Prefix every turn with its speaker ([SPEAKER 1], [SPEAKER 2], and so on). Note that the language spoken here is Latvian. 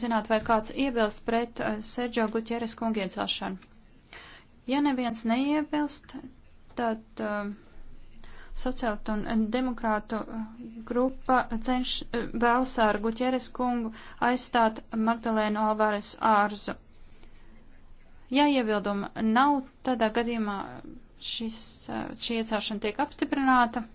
[SPEAKER 1] zināt, vai kāds iebilst pret eh, Sergio Gutieres kungu iecelšanu. Ja neviens neiebilst, tad uh, eh, sociālta un demokrātu eh, grupa cenš vēlas ar Gutieres kungu aizstāt Magdalēnu Alvarez ārzu. Ja iebilduma nav, tādā gadījumā šis, šī iecelšana tiek apstiprināta.